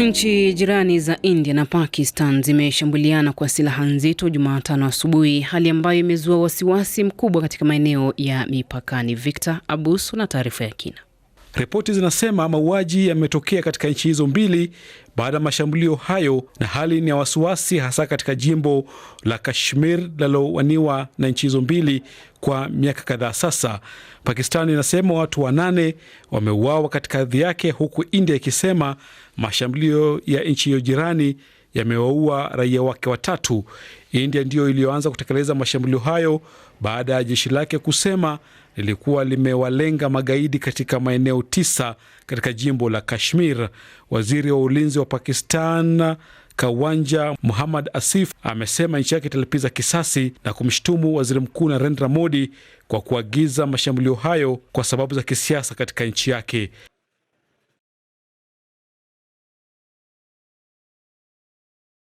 Nchi jirani za India na Pakistan zimeshambuliana kwa silaha nzito Jumatano asubuhi, hali ambayo imezua wasiwasi mkubwa katika maeneo ya mipakani. Victor Abuso na taarifa ya kina. Ripoti zinasema mauaji yametokea katika nchi hizo mbili baada ya mashambulio hayo, na hali ni ya wasiwasi, hasa katika jimbo la Kashmir linalowaniwa na nchi hizo mbili kwa miaka kadhaa sasa. pakistani inasema watu wanane wameuawa katika ardhi yake, huku India ikisema mashambulio ya nchi hiyo jirani yamewaua raia wake watatu. India ndiyo iliyoanza kutekeleza mashambulio hayo baada ya jeshi lake kusema lilikuwa limewalenga magaidi katika maeneo tisa katika jimbo la Kashmir. Waziri wa ulinzi wa Pakistan Kawanja Muhammad Asif amesema nchi yake italipiza kisasi na kumshutumu waziri mkuu Narendra Modi kwa kuagiza mashambulio hayo kwa sababu za kisiasa katika nchi yake.